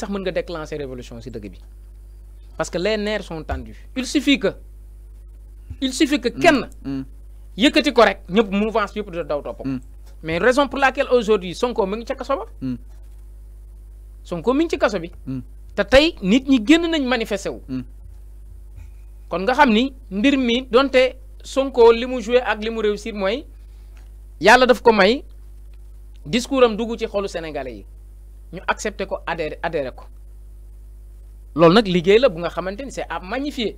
sax mën nga déclencher révolution ci dëgg bi parce que les nerfs sont tendus il suffit que il suffit que kenn mm, mm. yëkëti ko rek ñëpp mouvance yëpp da daw top mm. mais raison pour laquelle aujourd'hui Sonko mi ngi ca kaso ba Sonko mi ngi ci kasso bi te tay nit ñi génn nañ manifesté wu kon nga xam ni mbir mi donte Sonko li mu joué ak li mu réussir mooy yàlla daf ko may discours am dugg ci xolu sénégalais yi nous accepté ko adhérer ko la bu c'est à magnifier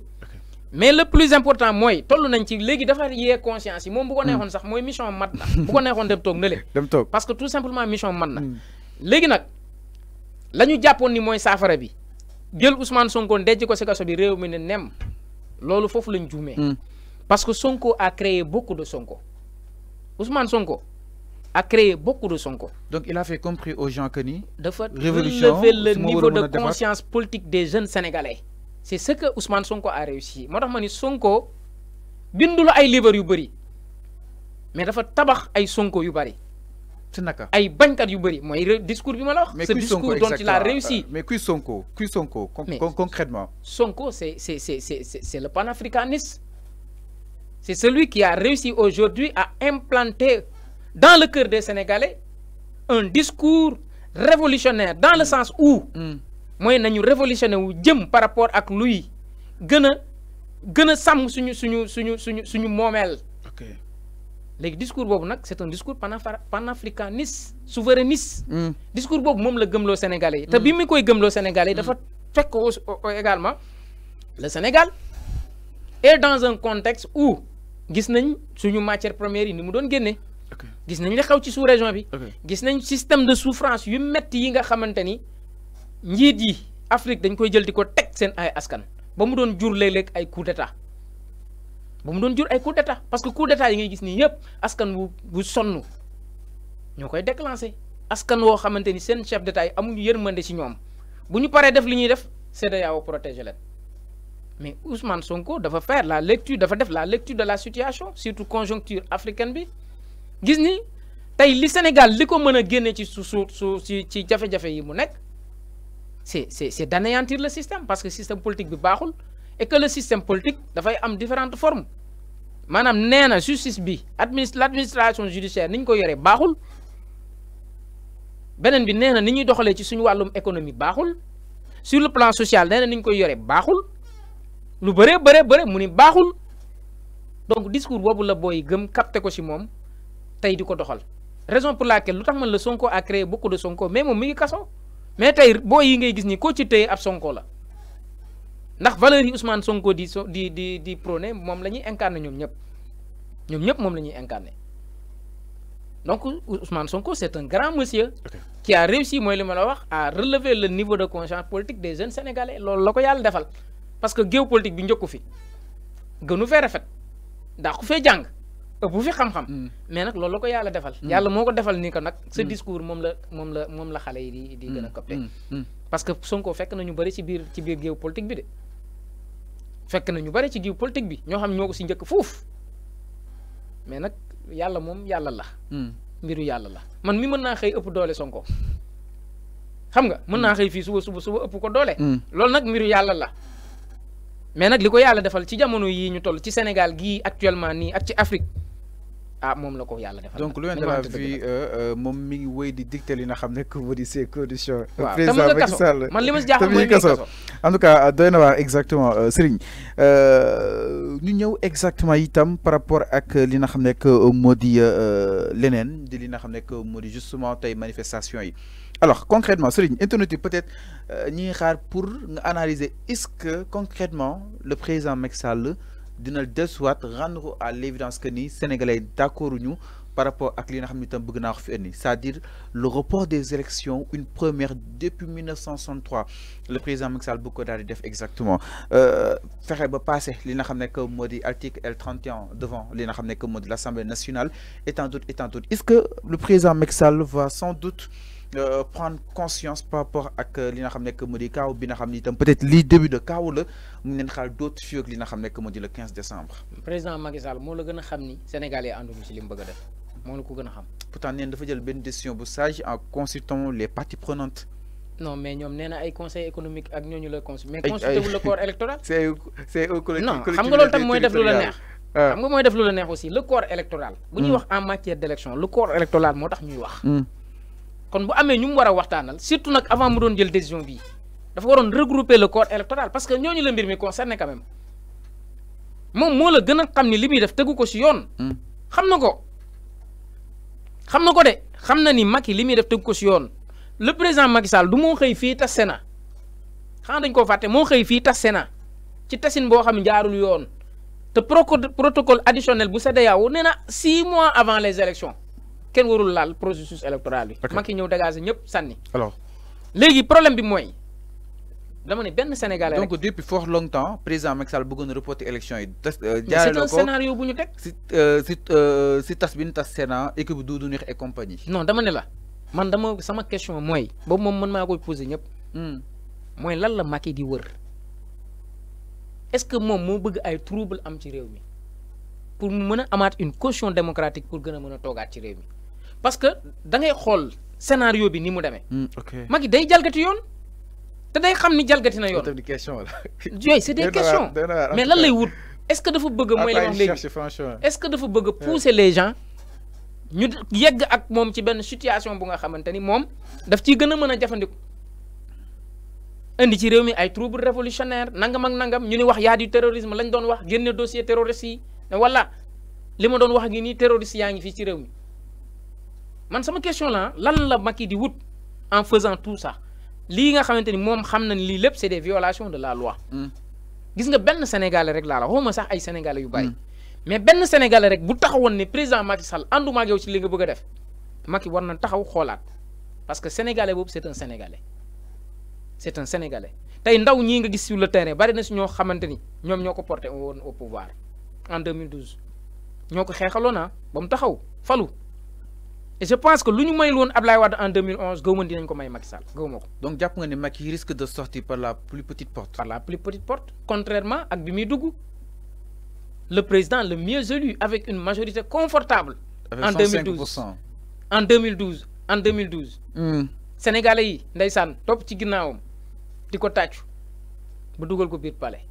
mais le plus important moy nañ ci légui conscience yi mon bu ko hmm. néxone sax mission mat bu ko néxone dem parce que tout simplement mission na hmm. nak lañu japon ni bi Ousmane Sonko ko bi mi hmm. parce que Sonko a créé beaucoup de Sonko Ousmane Sonko a créé beaucoup de Sonko. Donc il a fait compris aux gens que ni. De fait, relever le niveau de conscience politique des jeunes sénégalais. C'est ce que Ousmane Sonko a réussi. Moi, je Sonko, bindul ay livre yu mais dafa tabac ay Sonko yu bari. c'est naka ay bañkat yu bari il discours Mais ce discours dont il a réussi. Euh, mais qui Sonko qui Sonko concrètement. Sonko c'est c'est c'est c'est le panafricanisme C'est celui qui a réussi aujourd'hui à implanter dans le cœur des Sénégalais un discours révolutionnaire dans le mm. sens où mm. mooy nañu révolutionné wu jëm par rapport ak luy gën a gën a sàmm suñu suñu suñu suñu suñu moomeel léegi discours boobu nag c'est un discours panafricaniste souverainiste mm. discours boobu moom la gëmloo Sénégalais yi te bi mu koy gëmloo Sénégalais yi dafa fekk également le Sénégal est dans un contexte où gis nañ suñu matière première yi ni mu doon génnee gis nañ la xaw ci sous région bi. gis nañ système de souffrance yu metti yi nga xamanteni ni yi Afrique dañ koy jël diko tek teg seen ay askan. ba mu doon jur léeg ay coup d'état ba mu doon jur ay coup d'état parce que coup d'état yi ngay gis ni yépp askan bu bu sonnu ñokoy déclencher askan wo xamanteni ni seen chef d'état yi amuñu yërmande ci ñoom bu ñu paree def li ñuy def CEDEAO protéger leen. mais Ousmane Sonko dafa faire la lecture dafa def la lecture de la situation surtout conjoncture africaine bi gis ni tey li Sénégal liko ko mën a ci su su ci jafé jafé yi mu nek c'est c'est c'est d'anéantir le système parce que système politique bi baxul et que le système politique da fay am différentes formes manam néna justice bi adminis l'administration judiciaire niñ ko yoré baxul benen bi néna na doxalé ci suñu walum économie baxul sur le plan social néna niñ ko yoré baxul lu béré béré béré muni baxul donc discours boobu la boy gëm capté ko ci mom tay diko doxal raison pour laquelle lu man le Sonko a créé beaucoup de Sonko même moom mi ngi mais tay boo yi ngay gis ni ko ci tay ab Sonko la ndax valeur yi Ousmane Sonko di di di di prôné moom la ñuy incarné ñoom ñëpp ñoom ñëpp moom donc Ousmane Sonko c'est un grand monsieur. qui a réussi moy li ma la wax à relever le niveau de conscience politique des jeunes sénégalais loolu lako yalla defal parce que géopolitique bi njëkku fi gënu fee rafet ndax ku fee jang ëpp fi xam-xam mm. mais nag loolu la ko yàlla defal mm. yàlla moo ko defal nii ko nag sa mm. discours moom la moom la moom la xale yi di di gën a copte parce que Sonko fekk na ñu bëri ci biir ci biir géew politique bi de fekk na ñu bari ci géew politique bi ñoo xam ñoo ko si njëkk foofu mais nag yàlla moom yàlla la mbiru yàlla la man mi mën naa xëy ëpp doole Sonko xam nga mën naa xëy fii suba suba suba ëpp ko doole loolu nag mbiru yàlla la mais nag li ko yàlla defal ci jamono yii ñu toll ci Sénégal gii actuellement nii ak ci Afrique donc ah, moom la ko defal donc loin de la vie euh, euh, moom mi ngi di dicté li nga que moo conditions. président Macky en tout cas euh, exactement Serigne ñu exactement itam par rapport à li nga xam que moo di de di li que modi justement des manifestation alors concrètement Serigne internet peut-être ni rare pour analyser est-ce que concrètement le président mexal dinal desuwaat rendre à l'évidence que ni sénégalais d'accord ñu par rapport à ce que nous avons fait, c'est-à-dire le report des élections une première depuis 1963 le président Macky Sall def exactement euh, faire ba passer li que article L31 devant li l'Assemblée nationale Étant tant étant et est-ce que le président Macky va sans doute euh, prendre conscience par rapport à ce euh, que nous avons dit, di kaaw peut-être le début de cas la mu ngi d'autres fii que nous nga xam le 15 décembre. président Macky Sall moo la gën a xam ni sénégalais ànduñu ci je mu bëgg a def moo la ko de xam. pourtant nous dafa jël une décision en consultant les parties prenantes. non mais nous avons un ay conseil économique ak nous le mais consultez vous le corps électoral. c'est au c'est au non xam nga loolu tam mooy def lu la neex. Ah. xam nga mooy def lu neex aussi le corps électoral. bu ñuy hmm. wax en matière d'élection, le corps électoral moo tax ñuy wax. Hmm kon bu amé ñum wara waxtanal surtout nak avant mu doon jël décision bi dafa waron regrouper le corps électoral parce que ñoñu la mbir mi concerné quand même mom mo la gëna a xam ni li def teggu ko si yoon. Hmm. xam na ko xamna ko de xam ni Macky li def teggu ko si yoon le président Macky Sall du mo xey fi tas Sénat xanaa dañ ko faté mo xey fi tas Sénat ci tassine bo xam jaarul yoon te protocole additionnel bu CEDEAO nee na six mois avant les élections kenn warul laal processus électoral bi. ma ki ñëw dégager ñep sanni alors légui problème bi moy dama né ben sénégalais donc depuis fort longtemps président Macky Sall bëggoon reporter élection yi. jaaree euh, na c'est un scénario buñu tek teg. si euh, euh, si tas bi ñu tas Sénat équipe Doudou Ndoye et compagnie. non dama né la man dama sama question moy bo mom man maa koy posé ñëpp. moy hmm. lan la Macky di wër est-ce que mom mo bëgg ay trouble am ci réew mi pour mëna mën une caution démocratique pour gëna mëna mën ci réew mi. parce que dangay xool scénario bi ni mu demee. Hmm, Macky day jalgati yoon te day xam ni jalgati na yoon. yooyu c'est des questions mais lan lay wut est-ce que dafa bëgg mooy li wax léegi est-ce que dafa bëgg pousser les gens ñu yegg ak moom ci benn situation bu nga xamante ni moom daf ciy gën a mën a jafandiku indi ci réew mi ay trouble révolutionnaire nangam ak nangam ñu ni wax yaa di terrorisme lañ doon wax génne dossier terroriste yi ne wala li ma doon wax ngi nii yaa ngi fii ci réew mi. man sama question là lan la Macky di wut en faisant tout ça li nga xamanteni mom xamnañ li lepp c'est des violations de la loi. Hmm. gis nga ben sénégalais rek la la xoma sax ay sénégalais yu bàyyi. Hmm. mais ben sénégalais rek bu taxawone président Macky Sall ànduma ak yow ci li nga bëgg def Macky war na taxaw xolaat parce que sénégalais bob c'est un sénégalais c'est un sénégalais tay ndaw ñi nga gis sur le terrain bari na ci ñoo xamanteni ñom ñoko porter au pouvoir en 2012 ñoko xéxalona ah, bam taxaw falu et je pense que l'Union ñu en 2011 gëw comme pas Macky Sall donc il risque de sortir par la plus petite porte. par la plus petite porte contrairement à bi le président le mieux élu avec une majorité confortable. en 2012 en 2012 en 2012. Hmm. Sénégalais yi Top petit ci palais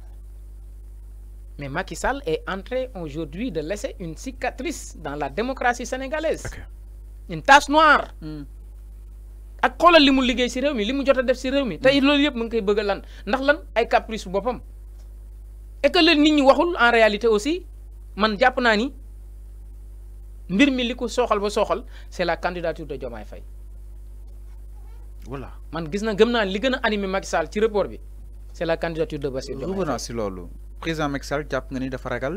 mais Macky Sall est entré aujourd'hui de laisser une cicatrice dans la démocratie sénégalaise. une tache noire. Hmm. ak xoolal li mu liggéey si réew mi li mu jot a def si réew mi. tey hmm. loolu yëpp mu ngi koy bëgg lan ndax lan ay caprice boppam. et que leen nit ñi waxul en réalité aussi man jàpp naa ni mbir mi li ko sooxal ba sooxal c'est la candidature de Diomaye Faye. voilà man gis na gëm naa li gën a anime Macky ci report bi c'est la candidature de Bassirou Diomaye Faye. si loolu président Macky jàpp nga ni dafa ragal.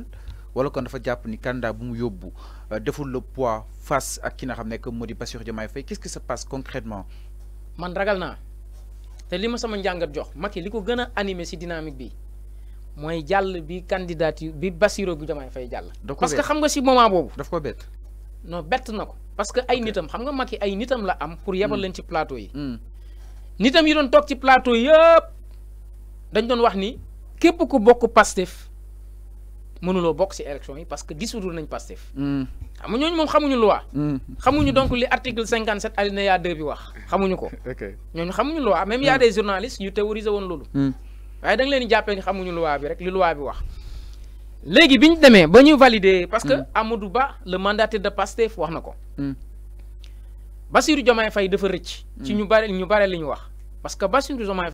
wala kon dafa jàpp ni candidat bu mu yóbbu euh, deful le poids face ak ki nga xam ne que moo di Bassirou Diomaye Faye qu'est-ce qui se passe concrètement man ragal naa te li sama njàngat jox Macky li ko gën a dynamique bi mooy jàll bi candidature bi Bassirou Diomaye Faye jàll parce que xam nga si moment boobu daf ko bett non bett na ko parce que ay nitam xam nga Macky ay nitam la am pour yebal mm. leen ci plateau yi mm. nitam yi doon toog ci plateau yëpp dañ doon wax ni képp ku bokk Pastef mënuloo bokk ci élection yi parce que dissoudre nañ Pastef. Hmm. xam nga ñooñu moom xamuñu loi. Hmm. xamuñu donc li article 57 sept alinéa 2. bi wax xamuñu ko. ñooñu xamuñu loi même il y a hmm. des journalistes yu théoriser woon loolu. waaye da nga leen di jàppee ni xamuñu loi bi rek li loi bi wax. léegi bi démé demee ba ñu valider parce que Amadou Ba le mandataire de Pastef wax na ko. Bassirou Diomaye Faye dafa rëcc. ci ñu bare ñu bare li wax parce que Bassirou Diomaye